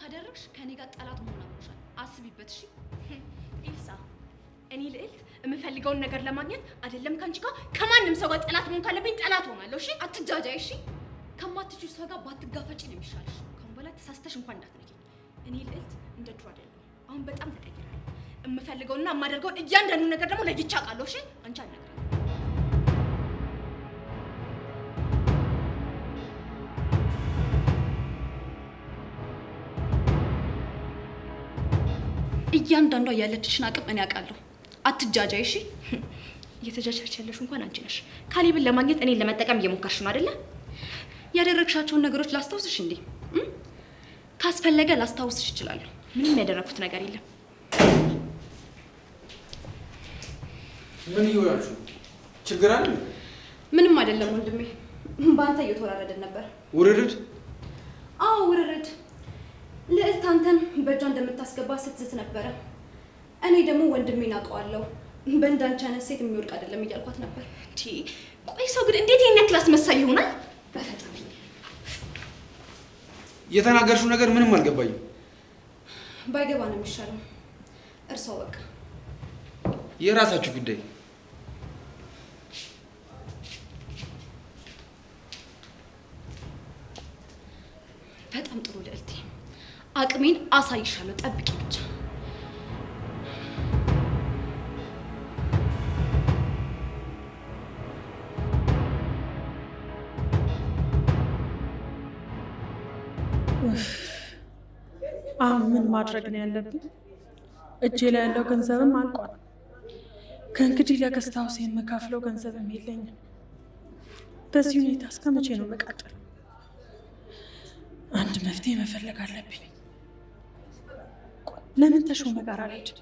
ካደረግሽ ከኔ ጋር ጠላት መሆን አምሮሻል። አስቢበት። እሺ ኤልሳ፣ እኔ ልዕልት የምፈልገውን ነገር ለማግኘት አይደለም ከአንቺ ጋር ከማንም ሰው ጋር ጠላት መሆን ካለብኝ ጠላት ሆናለሁ። እሺ አትጃጃይ። እሺ ከማትችዩ ሰው ጋር ባትጋፈጪ ነው የሚሻልሽ። ካሁን በኋላ ተሳስተሽ እንኳን እንዳትነኪኝ። እኔ ልዕልት እንደ ድሮ አይደለም። አሁን በጣም ተቀይራለሁ። የምፈልገውና የማደርገውን እያንዳንዱ ነገር ደግሞ ለይቼ አውቃለሁ። እሺ አንቺ አልነገርም እያንዳንዷ ያለችሽን አቅም እኔ አውቃለሁ። አትጃጃይ እሺ። እየተጃጃች ያለሽ እንኳን አንቺ ነሽ። ካሌብን ለማግኘት እኔን ለመጠቀም እየሞከርሽ ነው አይደለ? ያደረግሻቸውን ነገሮች ላስታውስሽ እንዴ? ካስፈለገ ላስታውስሽ እችላለሁ። ምንም ያደረግኩት ነገር የለም። ምን ይወራችሁ? ችግር አለ? ምንም አይደለም ወንድሜ፣ በአንተ እየተወራረድን ነበር። ውርርድ? አዎ ውርርድ ልዕልት አንተን በእጇ እንደምታስገባ ስትዝት ነበረ። እኔ ደግሞ ወንድሜን አውቀዋለሁ፣ በእንዳንቺ አይነት ሴት የሚወድቅ አይደለም እያልኳት ነበር። ቆይ ሰው ግን እንዴት ይሄን ያክል አስመሳይ ይሆናል? በፈጣሪ የተናገርሽው ነገር ምንም አልገባኝም። ባይገባ ነው የሚሻለው። እርሷ በቃ የራሳችሁ ጉዳይ አቅሜን አሳይሻለሁ። ጠብቂ ብቻ። አሁን ምን ማድረግ ነው ያለብን? እጄ ላይ ያለው ገንዘብም አልቋል። ከእንግዲህ ለገስት ሃውስ የምከፍለው ገንዘብም የለኝም። በዚህ ሁኔታ እስከ መቼ ነው መቃጠል? አንድ መፍትሄ መፈለግ አለብኝ። ለምን ተሾመ ጋር አልሄድም?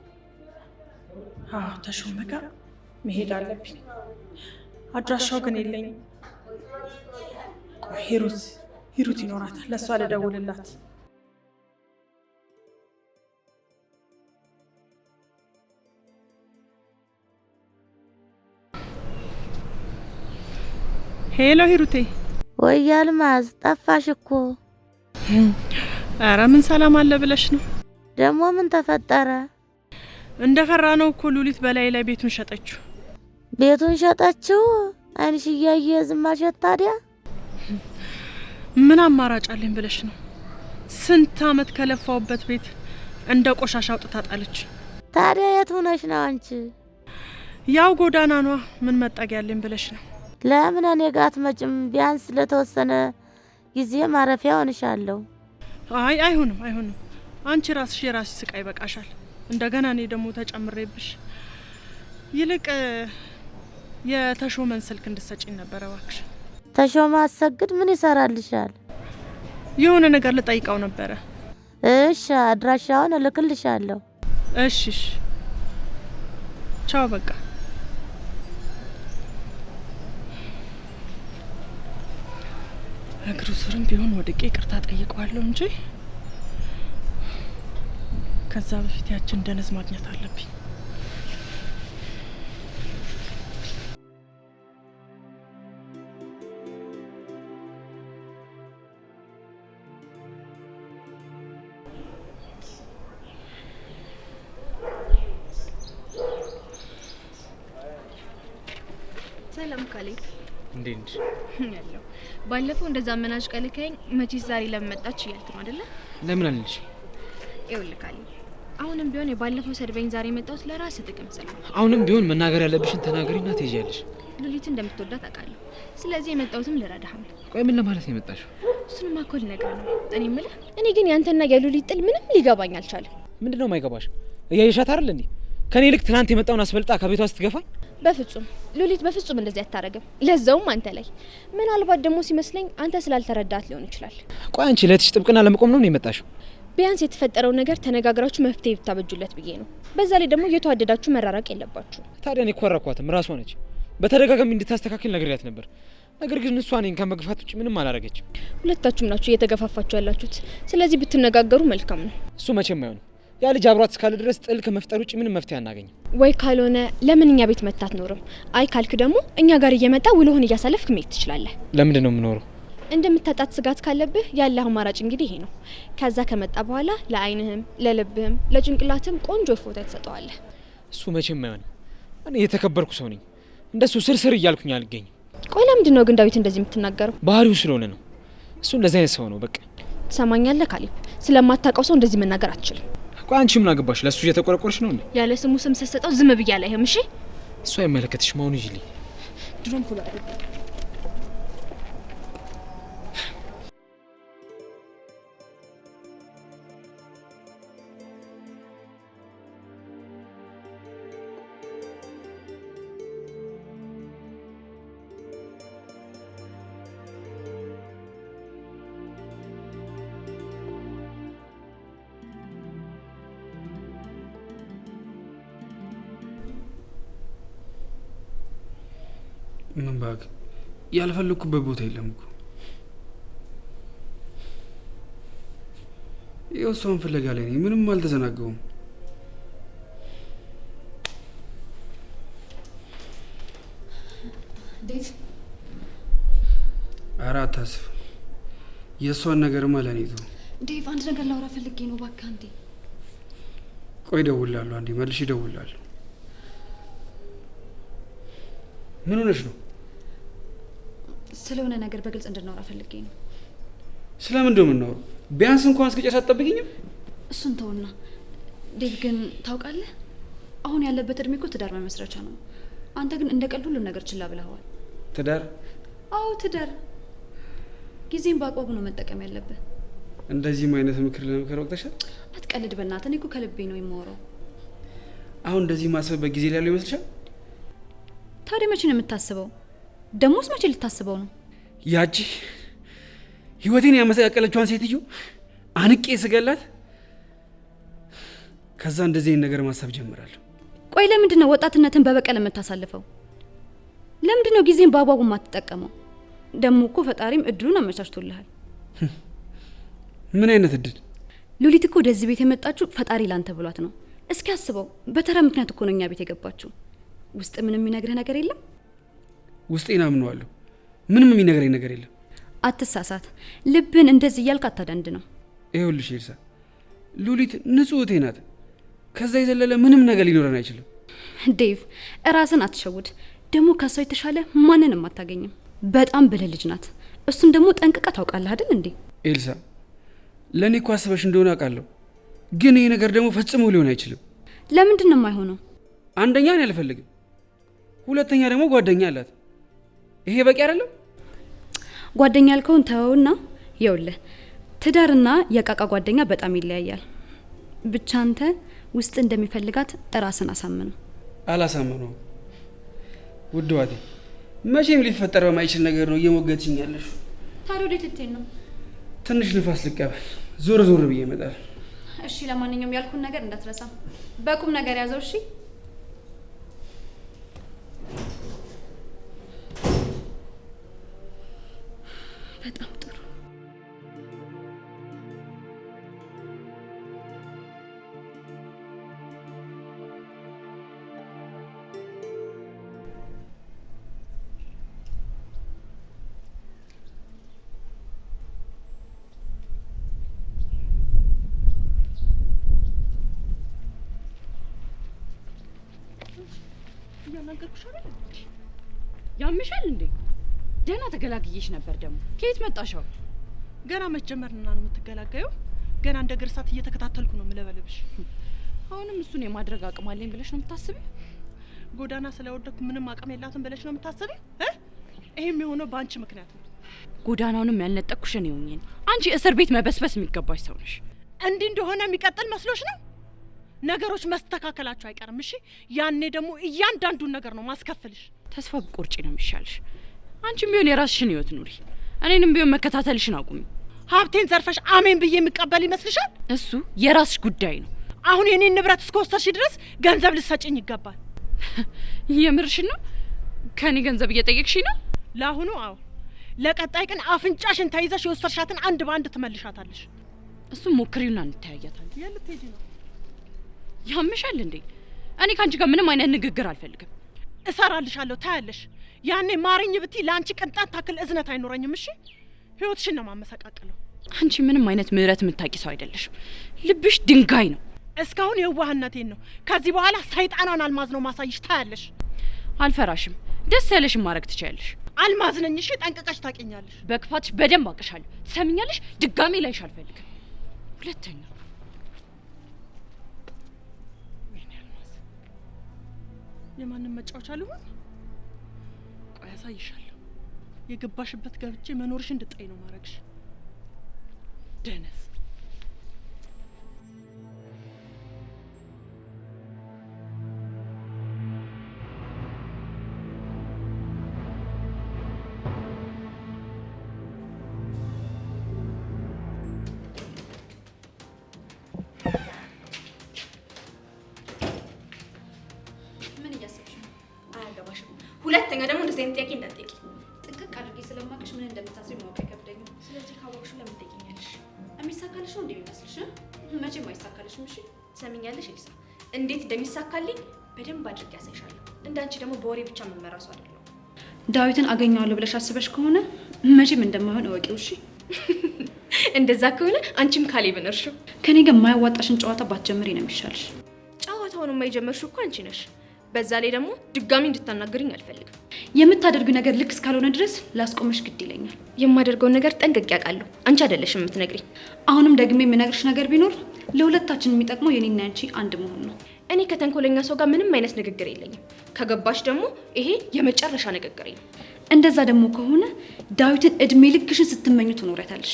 አዎ ተሾመ ጋር መሄድ አለብኝ። አድራሻው ግን የለኝም። ሂሩት ሂሩት ይኖራታል። ለእሷ ልደውልላት። ሄሎ ሂሩቴ። ወይ አልማዝ ጠፋሽ እኮ። አረ ምን ሰላም አለ ብለሽ ነው ደግሞ ምን ተፈጠረ? እንደፈራ ነው እኮ ሉሊት በላይ ላይ ቤቱን ሸጠችው። ቤቱን ሸጠችው? አይንሽ እያየ ዝም አልሸት። ታዲያ ምን አማራጭ አለኝ ብለሽ ነው? ስንት አመት ከለፋውበት ቤት እንደ ቆሻሻ አውጥታ ጣለች። ታዲያ የት ሆነሽ ነው አንቺ? ያው ጎዳና ኗ። ምን መጠጊያ አለኝ ብለሽ ነው? ለምን እኔ ጋ አትመጭም? ቢያንስ ለተወሰነ ጊዜ ማረፊያ ሆንሻለሁ። አይ አይሁንም፣ አይሁንም አንቺ ራስሽ የራስሽ ስቃይ ይበቃሻል። እንደገና እኔ ደግሞ ተጨምሬብሽ። ይልቅ የተሾመን ስልክ እንድትሰጪኝ ነበረ እባክሽ። ተሾመ አሰግድ ምን ይሰራልሻል? የሆነ ነገር ልጠይቀው ነበረ። እሺ አድራሻውን እልክልሻለሁ። እሺ ቻው። በቃ እግሩ ስርም ቢሆን ወድቄ ይቅርታ ጠይቀዋለሁ እንጂ ከዛ በፊት ያችን ደነዝ ማግኘት አለብኝ። ሰላም ካሌብ፣ እንዴት ያለው? ባለፈው እንደዛ አመናጭ ቀልከኝ። መቼስ ዛሬ ለምን መጣች እያልክ ነው አይደለ? ለምን አልልሽ። ይኸውልህ ካሌብ አሁንም ቢሆን የባለፈው ሰድበኝ ዛሬ የመጣሁት ለራስ ጥቅም ስለ አሁንም ቢሆን መናገር ያለብሽን ተናገሪና ትሄጃለሽ። ሉሊት እንደምትወዳት አውቃለሁ። ስለዚህ የመጣሁትም ልረዳህ ነው። ቆይ ምን ለማለት ነው የመጣሽው? እሱንማ እኮ ነው። እኔ የምልህ እኔ ግን ያንተና የሉሊት ጥል ምንም ሊገባኝ አልቻለም። ምንድን ነው ማይገባሽ? እያየሻት አይደል እንዴ? ከኔ ልክ ትናንት የመጣውን አስበልጣ ከቤቷ ስትገፋኝ። በፍጹም ሉሊት በፍጹም እንደዚህ አታረግም። ለዛውም አንተ ላይ። ምናልባት ደግሞ ሲመስለኝ አንተ ስላልተረዳት ሊሆን ይችላል። ቆይ አንቺ ለትሽ ጥብቅና ለመቆም ነው የመጣሽው? ቢያንስ የተፈጠረው ነገር ተነጋግራችሁ መፍትሄ ብታበጁለት ብዬ ነው። በዛ ላይ ደግሞ እየተዋደዳችሁ መራራቅ የለባችሁ። ታዲያ እኔ ኮረኳትም ራሷ ነች። በተደጋጋሚ እንድታስተካክል ነግሬያት ነበር። ነገር ግን እሷ እኔን ከመግፋት ውጭ ምንም አላረገችም። ሁለታችሁም ናችሁ እየተገፋፋችሁ ያላችሁት። ስለዚህ ብትነጋገሩ መልካም ነው። እሱ መቼም አይሆንም። ያ ልጅ አብሯት እስካለ ድረስ ጥል ከመፍጠር ውጭ ምንም መፍትሄ አናገኝም። ወይ ካልሆነ ለምን እኛ ቤት መታ አትኖርም? አይ ካልክ ደግሞ እኛ ጋር እየመጣ ውሎህን እያሳለፍክ መሄድ ትችላለህ። ለምንድን ነው የምኖረው? እንደምታጣት ስጋት ካለብህ ያለ አማራጭ እንግዲህ ይሄ ነው። ከዛ ከመጣ በኋላ ለአይንህም፣ ለልብህም፣ ለጭንቅላትም ቆንጆ ፎታ ትሰጠዋለህ። እሱ መቼም አይሆንም። እኔ የተከበርኩ ሰው ነኝ። እንደሱ ስርስር እያልኩኝ አልገኝም። ቆይ ለምንድን ነው ግን ዳዊት እንደዚህ የምትናገረው? ባህሪው ስለሆነ ነው። እሱ እንደዚህ አይነት ሰው ነው። በቃ ትሰማኛለህ ካሌብ፣ ስለማታውቀው ሰው እንደዚህ መናገር አትችልም። ቆይ አንቺ ምን አገባሽ? ለእሱ እየተቆረቆረች ነው እንዴ? ያለ ስሙ ስም ስትሰጠው ዝም ብያ ላይ እሺ፣ እሱ አይመለከትሽ መሆኑ ይልኝ ድሮም ያልፈለግኩበት ቦታ የለም እኮ ይኸው እሷን ፍለጋ ላይ ነኝ። ምንም አልተዘናገውም። ኧረ አታስብ፣ የእሷን ነገር ለእኔ ተው። ዴቭ፣ አንድ ነገር ላውራ ፈልጌ ነው። እባክህ አንዴ ቆይ፣ እደውላለሁ። አንዴ መልሼ እደውላለሁ። ምን ሆነሽ ነው? ስለሆነ ነገር በግልጽ እንድናወራ ፈልጌ ነው። ስለምን እንደው የምናወራው? ቢያንስ እንኳን እስከ ጨርስ አትጠብቅኝም? እሱን ተውና፣ ዴቭ ግን ታውቃለህ፣ አሁን ያለበት እድሜ እኮ ትዳር መመስረቻ ነው። አንተ ግን እንደ ቀልድ ሁሉም ነገር ችላ ብለኸዋል። ትዳር? አዎ ትዳር። ጊዜም በአግባቡ ነው መጠቀም ያለብህ። እንደዚህም አይነት ምክር ለምክር ወቅተሻል። አትቀልድ በእናትህ። እኔ እኮ ከልቤ ነው የማወራው። አሁን እንደዚህ ማሰብበት ጊዜ ላይ ያለው ይመስልሻል? ታዲያ መቼ ነው የምታስበው? ደሞስ መቼ ልታስበው ነው? ያቺ ህይወቴን ያመሰቃቀለችዋን ሴትዮ አንቄ ስገላት፣ ከዛ እንደዚህ አይነት ነገር ማሰብ ጀምራለሁ። ቆይ ለምንድን ነው ወጣትነትን በበቀል የምታሳልፈው? ለምንድን ነው ጊዜን በአግባቡ የማትጠቀመው? ደሞ እኮ ፈጣሪም እድሉን አመቻችቶልሃል። ምን አይነት እድል! ሉሊት እኮ ወደዚህ ቤት የመጣችው ፈጣሪ ላንተ ብሏት ነው። እስኪ አስበው፣ በተራ ምክንያት እኮ ነው እኛ ቤት የገባችው። ውስጥ ምንም የሚነግርህ ነገር የለም። ውስጤን አምነዋለሁ ምንም የሚነግረኝ ነገር የለም። አትሳሳት። ልብን እንደዚህ እያልክ አታደንድ ነው። ይኸውልሽ ኤልሳ፣ ሉሊት ንጹህ እህቴ ናት። ከዛ የዘለለ ምንም ነገር ሊኖረን አይችልም። ዴቭ፣ እራስን አትሸውድ። ደግሞ ከሷ የተሻለ ማንንም አታገኝም። በጣም ብልህ ልጅ ናት። እሱን ደግሞ ጠንቅቃ ታውቃለህ አይደል እንዴ? ኤልሳ፣ ለእኔ እኮ አስበሽ እንደሆነ አውቃለሁ፣ ግን ይሄ ነገር ደግሞ ፈጽሞ ሊሆን አይችልም። ለምንድን ነው የማይሆነው? አንደኛ እኔ አልፈልግም፣ ሁለተኛ ደግሞ ጓደኛ አላት ይሄ በቂ አይደለም። ጓደኛ ያልከውን ተውና ይኸውልህ ትዳርና የቃቃ ጓደኛ በጣም ይለያያል። ብቻ አንተ ውስጥ እንደሚፈልጋት ራስን አሳምነው። አላሳምነው ውድዋቴ፣ መቼም ሊፈጠር በማይችል ነገር ነው እየሞገትኝ ያለሽ። ታዲያ ወዴት ልትሄድ ነው? ትንሽ ንፋስ ልቀበል፣ ዞር ዞር ብዬ እመጣለሁ። እሺ፣ ለማንኛውም ያልኩን ነገር እንዳትረሳ፣ በቁም ነገር ያዘው። እሺ በጣም ጥሩ። እያናገርኩሽ አይደል? ያምሻል እንዴ? ደህና ተገላግዬሽ ነበር። ደግሞ ከየት መጣሻው? ገና መጀመርና ነው የምትገላገዩ? ገና እንደ ግርሳት እየተከታተልኩ ነው የምለበልብሽ። አሁንም እሱን የማድረግ አቅም አለኝ ብለሽ ነው የምታስብ ጎዳና ስለወደኩ ምንም አቅም የላትም ብለሽ ነው የምታስብ ይሄም የሆነው በአንቺ ምክንያት ነው። ጎዳናውንም ያልነጠቅኩሽ እኔ ሆኜ አንቺ እስር ቤት መበስበስ የሚገባሽ ሰው ነሽ። እንዲህ እንደሆነ የሚቀጥል መስሎሽ ነው? ነገሮች መስተካከላቸው አይቀርም። እሺ፣ ያኔ ደግሞ እያንዳንዱን ነገር ነው ማስከፍልሽ። ተስፋ ብቆርጪ ነው የሚሻልሽ። አንቺም ቢሆን የራስሽን ህይወት ኑሪ፣ እኔንም ቢሆን መከታተልሽን አቁሚ። ሀብቴን ዘርፈሽ አሜን ብዬ የምቀበል ይመስልሻል? እሱ የራስሽ ጉዳይ ነው። አሁን የኔን ንብረት እስከወሰድሽ ድረስ ገንዘብ ልሰጭኝ ይገባል። የምርሽ ነው? ከኔ ገንዘብ እየጠየቅሽ ነው? ለአሁኑ አዎ። ለቀጣይ ግን አፍንጫሽን ተይዘሽ የወሰድሻትን አንድ በአንድ ትመልሻታለሽ። እሱም ሞክሪውና እንተያያታለን። የምትሄጂ ነው? ያምሻል እንዴ? እኔ ከአንቺ ጋር ምንም አይነት ንግግር አልፈልግም። እሰራልሻለሁ፣ ታያለሽ። ያኔ ማሪኝ ብቲ ለአንቺ ቅንጣት ታክል እዝነት አይኖረኝም። እሺ ህይወትሽን ነው ማመሰቃቅለው። አንቺ ምንም አይነት ምህረት የምታቂ ሰው አይደለሽም። ልብሽ ድንጋይ ነው። እስካሁን የዋህነቴን ነው። ከዚህ በኋላ ሰይጣኗን አልማዝ ነው ማሳይሽ። ታያለሽ። አልፈራሽም። ደስ ያለሽም ማድረግ ትችያለሽ። አልማዝ ነኝ። እሺ ጠንቅቀሽ ታውቂኛለሽ። በክፋትሽ በደንብ አቅሻለሁ። ትሰምኛለሽ? ድጋሜ ላይሽ አልፈልግም። ሁለተኛ የማንም መጫወቻ ልሁን ቆይ አሳይሻለሁ። የገባሽበት ገብቼ መኖርሽ እንድጣይ ነው ማድረግሽ ደነስ ምን እንደምታስብ ማወቅ አይከብደኝም። ስለዚህ ካወቅሹ ለምን ትጠይቂኛለሽ? የሚሳካልሽ ነው እንደሚመስልሽ? መቼም አይሳካልሽም። እሺ ሰሚኛለሽ ኤልሳ እንዴት እንደሚሳካልኝ በደንብ አድርጌ ያሳይሻለሁ። እንዳንቺ ደግሞ በወሬ ብቻ መመራሱ አይደለም። ዳዊትን አገኘዋለሁ ብለሽ አስበሽ ከሆነ መቼም እንደማይሆን እወቂው። እሺ እንደዛ ከሆነ አንቺም ካሌብን እርሺው። ከኔ ጋር የማያዋጣሽን ጨዋታ ባትጀምሪ ነው የሚሻልሽ። ጨዋታውን የማይጀመርሽ እኮ አንቺ ነሽ። በዛ ላይ ደግሞ ድጋሚ እንድታናገርኝ አልፈልግም። የምታደርጊው ነገር ልክ እስካልሆነ ድረስ ላስቆምሽ ግድ ይለኛል። የማደርገውን ነገር ጠንቅቄ አውቃለሁ። አንቺ አይደለሽም የምትነግሪኝ። አሁንም ደግሜ የምነግርሽ ነገር ቢኖር ለሁለታችን የሚጠቅመው የኔና ያንቺ አንድ መሆን ነው። እኔ ከተንኮለኛ ሰው ጋር ምንም አይነት ንግግር የለኝም። ከገባሽ ደግሞ ይሄ የመጨረሻ ንግግሬ ነው። እንደዛ ደግሞ ከሆነ ዳዊትን እድሜ ልክሽን ስትመኙ ትኖረታለሽ።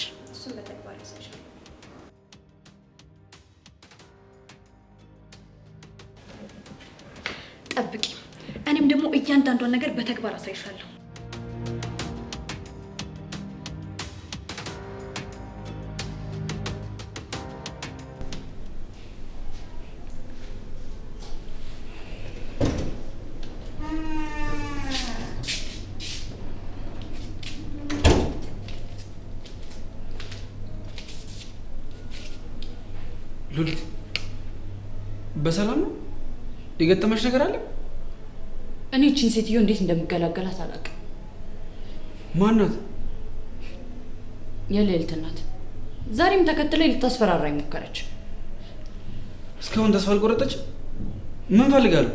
ጠብቂ። እኔም ደግሞ እያንዳንዷን ነገር በተግባር አሳይሻለሁ። ሉሊት በሰላም ነው? የገጠመች ነገር አለ? እኔ እቺን ሴትዮ እንዴት እንደምገላገላት አላውቅም። ማናት? የልዕልት ናት። ዛሬም ተከትለኝ ልታስፈራራኝ ሞከረች። እስካሁን ተስፋ አልቆረጠች። ምን ፈልጋሉ?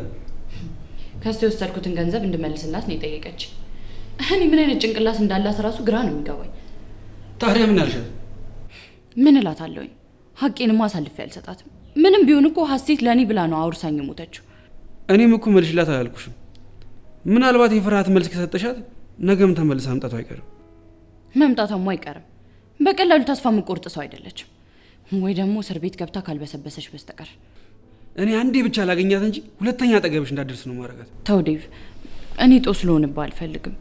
ከስቲ የወሰድኩትን ገንዘብ እንድመልስላት ነው የጠየቀች። እኔ ምን አይነት ጭንቅላት እንዳላት እራሱ ግራ ነው የሚገባኝ። ታዲያ ምን አልሻት? ምን አለውኝ? ሀቄንማ አሳልፌ አልሰጣትም። ምንም ቢሆን እኮ ሀሴት ለእኔ ብላ ነው አውርሳኝ ሞተችው። እኔም እኮ መልሽላት አላልኩሽም። ምናልባት የፍርሃት መልስ ከሰጠሻት ነገም ተመልሳ መምጣቱ አይቀርም። መምጣቷም አይቀርም። በቀላሉ ተስፋ የምትቆርጥ ሰው አይደለችም። ወይ ደግሞ እስር ቤት ገብታ ካልበሰበሰች በስተቀር እኔ አንዴ ብቻ ላገኛት እንጂ ሁለተኛ አጠገብሽ እንዳደርስ ነው ማረጋት። ተው ዴቭ፣ እኔ ጦስ ልሆንብህ አልፈልግም።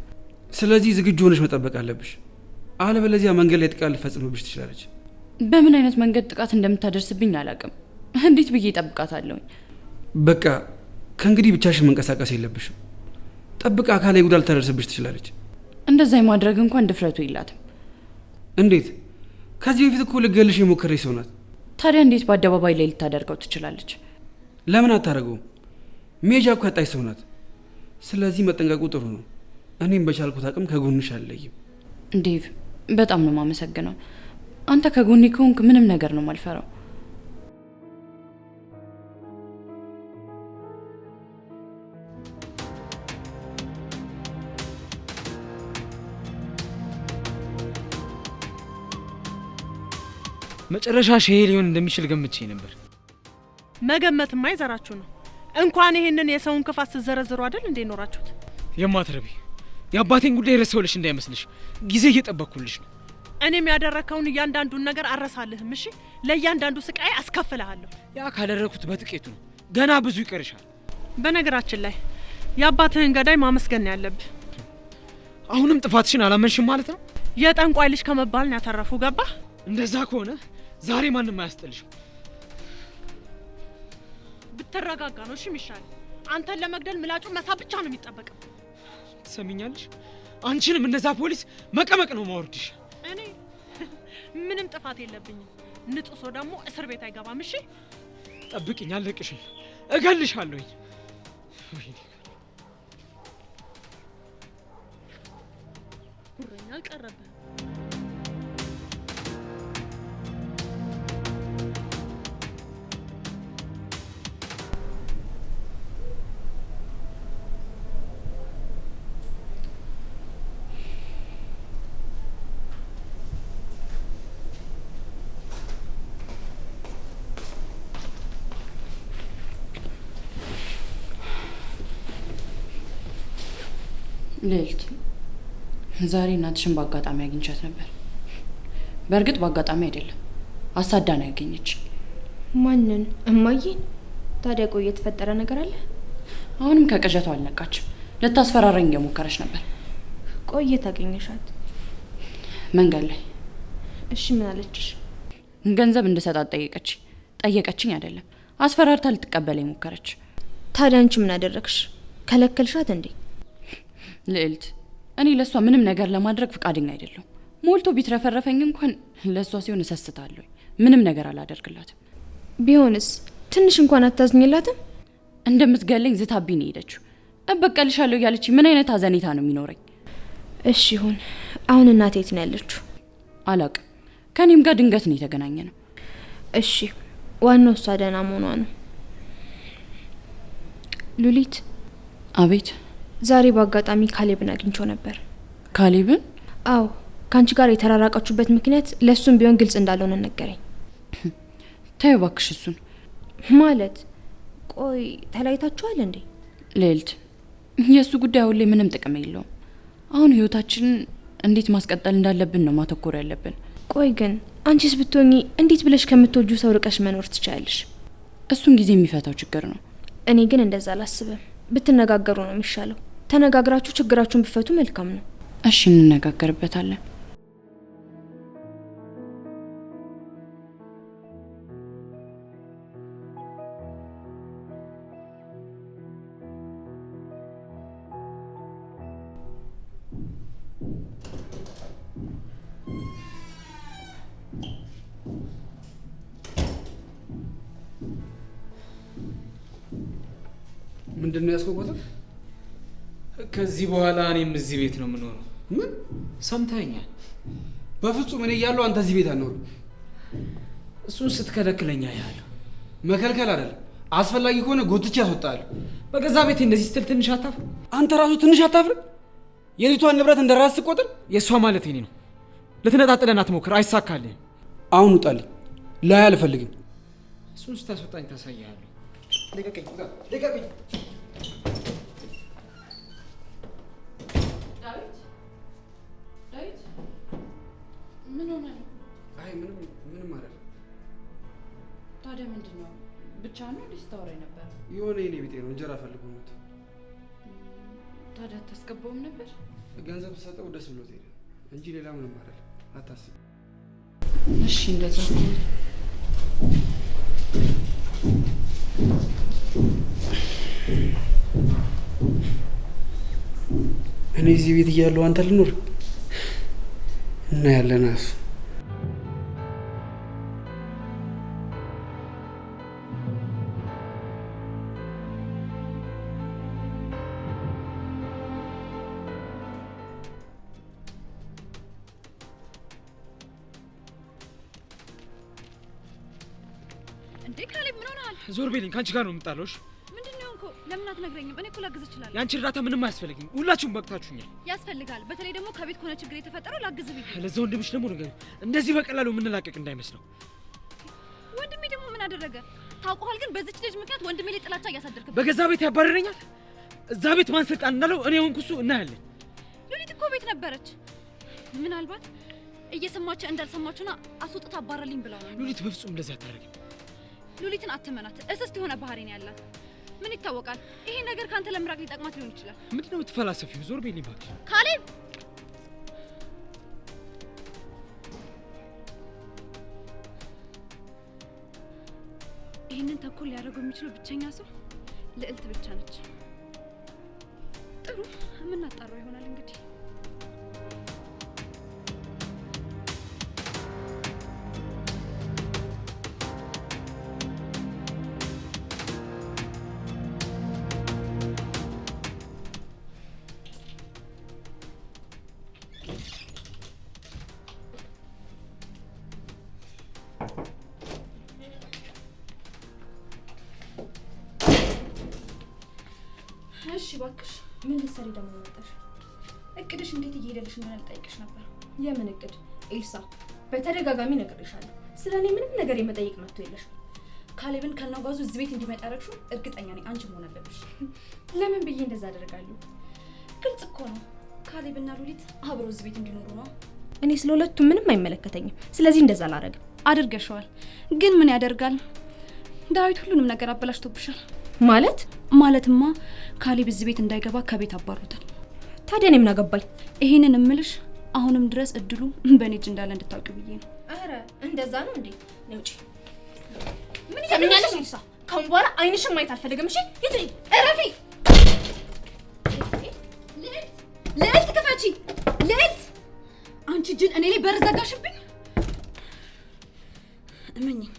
ስለዚህ ዝግጁ ሆነሽ መጠበቅ አለብሽ። አለበለዚያ መንገድ ላይ ጥቃት ልፈጽምብሽ ትችላለች። በምን አይነት መንገድ ጥቃት እንደምታደርስብኝ አላውቅም። እንዴት ብዬ እጠብቃታለሁኝ? በቃ ከእንግዲህ ብቻሽን መንቀሳቀስ የለብሽም። ጠብቃ አካላዊ ጉዳት ልታደርስብሽ ትችላለች። እንደዛ የማድረግ እንኳን ድፍረቱ የላትም። እንዴት? ከዚህ በፊት እኮ ልገልሽ የሞከረች ሰው ናት። ታዲያ እንዴት በአደባባይ ላይ ልታደርገው ትችላለች? ለምን አታደርገውም? ሜጃ እኮ ያጣች ሰው ናት። ስለዚህ መጠንቀቁ ጥሩ ነው። እኔም በቻልኩት አቅም ከጎንሽ አልለይም። ዴቭ፣ በጣም ነው የማመሰግነው። አንተ ከጎኔ ከሆንክ ምንም ነገር ነው የማልፈራው። መጨረሻ ሸሄ ሊሆን እንደሚችል ገምቼ ነበር። መገመት የማይዘራችሁ ነው። እንኳን ይሄንን የሰውን ክፋት ስትዘረዝሩ አይደል እንዴ ኖራችሁት። የማትረቢ የአባቴን ጉዳይ ረሰውልሽ እንዳይመስልሽ፣ ጊዜ እየጠበቅኩልሽ ነው። እኔም ያደረከውን እያንዳንዱን ነገር አረሳልህም። እሺ፣ ለእያንዳንዱ ስቃይ አስከፍልሃለሁ። ያ ካደረግኩት በጥቂቱ ነው። ገና ብዙ ይቀርሻል። በነገራችን ላይ የአባትህን ገዳይ ማመስገን ነው ያለብህ። አሁንም ጥፋትሽን አላመንሽም ማለት ነው። የጠንቋይ ልጅ ከመባል ነው ያተረፉ። ገባህ? እንደዛ ከሆነ ዛሬ ማንም አያስጥልሽም። ብትረጋጋ ነው እሺ የሚሻል። አንተን ለመግደል ምላጩን መሳብ ብቻ ነው የሚጠበቀው። ትሰሚኛለሽ? አንቺንም እነዛ ፖሊስ መቀመቅ ነው ማወርድሽ። እኔ ምንም ጥፋት የለብኝም። ንጥሶ ደግሞ እስር ቤት አይገባም። እሺ ጠብቅኝ፣ አለቅሽኝ፣ እገልሻለሁኝ። ጉረኛ አልቀረብህም ልዕልት፣ ዛሬ እናትሽን በአጋጣሚ አግኝቻት ነበር። በእርግጥ በአጋጣሚ አይደለም፣ አሳዳ ያገኘች። ማንን? እማዬን። ታዲያ ቆይ የተፈጠረ ነገር አለ? አሁንም ከቅዠቷ አልነቃችም። ልታስፈራረኝ እየሞከረች ነበር። ቆይ ታገኘሻት? መንገድ ላይ። እሺ ምን አለችሽ? ገንዘብ እንድሰጣት ጠየቀች። ጠየቀችኝ አይደለም፣ አስፈራርታ ልትቀበል የሞከረች። ታዲያ አንቺ ምን አደረግሽ? ከለከልሻት እንዴ? ልዕልት፣ እኔ ለእሷ ምንም ነገር ለማድረግ ፍቃደኛ አይደለሁ። ሞልቶ ቢትረፈረፈኝ እንኳን ለእሷ ሲሆን እሰስታለሁ። ምንም ነገር አላደርግላትም። ቢሆንስ ትንሽ እንኳን አታዝኝላትም? እንደምትገለኝ ዝታቢኔ ሄደችው። እበቀልሻለሁ እያለች ምን አይነት አዘኔታ ነው የሚኖረኝ? እሺ ይሁን። አሁን እናቴ የት ነው ያለችው? አላቅም። ከእኔም ጋር ድንገት ነው የተገናኘ ነው። እሺ፣ ዋናው እሷ ደህና መሆኗ ነው። ሉሊት። አቤት ዛሬ በአጋጣሚ ካሌብን አግኝቼው ነበር። ካሌብን? አዎ፣ ከአንቺ ጋር የተራራቃችሁበት ምክንያት ለእሱም ቢሆን ግልጽ እንዳልሆነ ነገረኝ። ተይ እባክሽ እሱን ማለት። ቆይ ተለያይታችኋል እንዴ? ልዕልት፣ የእሱ ጉዳይ አሁን ላይ ምንም ጥቅም የለውም። አሁን ህይወታችንን እንዴት ማስቀጠል እንዳለብን ነው ማተኮር ያለብን። ቆይ ግን አንቺስ ብትሆኚ እንዴት ብለሽ ከምትወጁ ሰው ርቀሽ መኖር ትችላለሽ? እሱን ጊዜ የሚፈታው ችግር ነው። እኔ ግን እንደዛ አላስብም። ብትነጋገሩ ነው የሚሻለው። ተነጋግራችሁ ችግራችሁን ብፈቱ መልካም ነው። እሺ፣ እንነጋገርበታለን። ምንድን ነው ያስቆጣው? ከዚህ በኋላ እኔም እዚህ ቤት ነው የምኖረው። ምን ሰምተኛል? በፍጹም እኔ እያለሁ አንተ እዚህ ቤት አልኖርም። እሱን ስትከለክለኛ ያለ መከልከል አይደለም፣ አስፈላጊ ከሆነ ጎትቼ ያስወጣለሁ። በገዛ ቤት እንደዚህ ስትል ትንሽ አታፍር? አንተ ራሱ ትንሽ አታፍርም? የልጅቷን ንብረት እንደ ራስ ስትቆጥር የእሷ ማለት ኔ ነው። ልትነጣጥለን አትሞክር፣ አይሳካልህም። አሁን ውጣልኝ፣ ላይ አልፈልግም። እሱን ስታስወጣኝ ታሳያለሁ። ልቀቀኝ! ልቀቀኝ! ስታወራኝ ነበር። የሆነ የኔ ቢጤ ነው እንጀራ ፈልጎ ሞት። ታዲያ አታስገባውም ነበር? ገንዘብ ተሰጠው ደስ ብሎት ሄደ እንጂ ሌላ ምንም አይደለም። አታስብ እሺ። እንደዛ እኔ እዚህ ቤት እያለሁ አንተ ልኖር እና ያለን አሱ እንዴ ካሌብ ምን ሆነሃል? ዞር በይልኝ፣ ከአንቺ ጋር ነው የምጣለሽ። ምንድን ነው እኮ ለምን አትነግረኝም? እኔ እኮ ላግዝ እችላለሁ። የአንቺ እርዳታ ምንም አያስፈልግም። ሁላችሁም በቅታችሁኛል። ያስፈልጋል። በተለይ ደግሞ ከቤት ከሆነ ችግር የተፈጠረው ላግዝ ብዬ። ለዛ ወንድምሽ ደግሞ ነገር እንደዚህ በቀላሉ የምንላቀቅ እንዳይመስለው። ወንድሜ ደግሞ ምን አደረገ ታውቀዋል? ግን በዚች ልጅ ምክንያት ወንድሜ ላይ ጥላቻ እያሳደርክ በገዛ ቤት ያባረረኛል። እዛ ቤት ማን ስልጣን እንዳለው እኔ ሆንኩ እሱ። እናያለን። ሉሊት እኮ ቤት ነበረች። ምናልባት እየሰማች እንዳልሰማችሁና አስወጥታ አባረልኝ ብላ ነው። ሉሊት በፍጹም እንደዚህ አታደርግም። ሉሊትን አትመናት። እስስት የሆነ ባህሪ ነው ያላት። ምን ይታወቃል? ይሄ ነገር ካንተ ለምራቅ ሊጠቅማት ሊሆን ይችላል። ምንድን ነው የምትፈላሰፊው? ዞር ቤኒ እባክሽ። ካሌብ ይህንን ተኩል ሊያደርገው የሚችለው ብቸኛ ሰው ልዕልት ብቻ ነች። ጥሩ የምናጣራው ይሆናል። እሺ እባክሽ ምን ልትሰሪ ደግሞ መጣሽ? እቅድሽ እንዴት እየሄደልሽ እንደሆነ ልጠይቅሽ ነበር። የምን እቅድ ኤልሳ? በተደጋጋሚ ነግሬሻለሁ። ስለ እኔ ምንም ነገር የመጠየቅ መጥቶ የለሽ። ካሌብን ከነጓዙ እዚህ ቤት እንዲመጣ ያደረግሽው እርግጠኛ ነኝ አንቺ መሆን አለብሽ። ለምን ብዬ እንደዛ አደርጋለሁ? ግልጽ እኮ ነው። ካሌብና ሉሊት አብሮ እዚህ ቤት እንዲኖሩ ነው። እኔ ስለ ሁለቱ ምንም አይመለከተኝም። ስለዚህ እንደዛ አላረግም። አድርገሸዋል። ግን ምን ያደርጋል ዳዊት ሁሉንም ነገር አበላሽቶብሻል። ማለት ማለትማ ካሌብ እዚህ ቤት እንዳይገባ ከቤት አባሩታል። ታዲያ እኔ ምን አገባኝ? ይሄንን እምልሽ አሁንም ድረስ እድሉ በእኔ እጅ እንዳለ እንድታውቂ ብዬ ነው። አረ እንደዛ ነው እንዴ? ነውጪ ምን ይሰምኛለሽ? ንሳ ካሁን በኋላ አይንሽም ማየት አልፈልግም። እሺ ይት ረፊ ልዕልት ክፈቺ! ልዕልት አንቺ ጅን እኔ ላይ በር ዘጋሽብኝ። እመኝኝ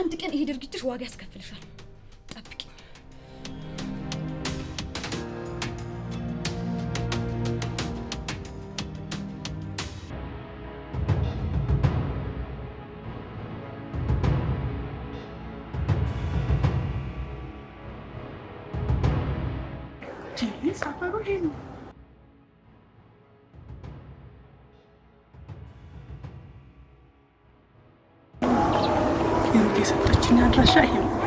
አንድ ቀን ይሄ ድርጊትሽ ዋጋ ያስከፍልሻል። ጀሌ ሰፈሩ ይሄ ነው። የሰጠችኝ አድራሻ ይሄ ነው።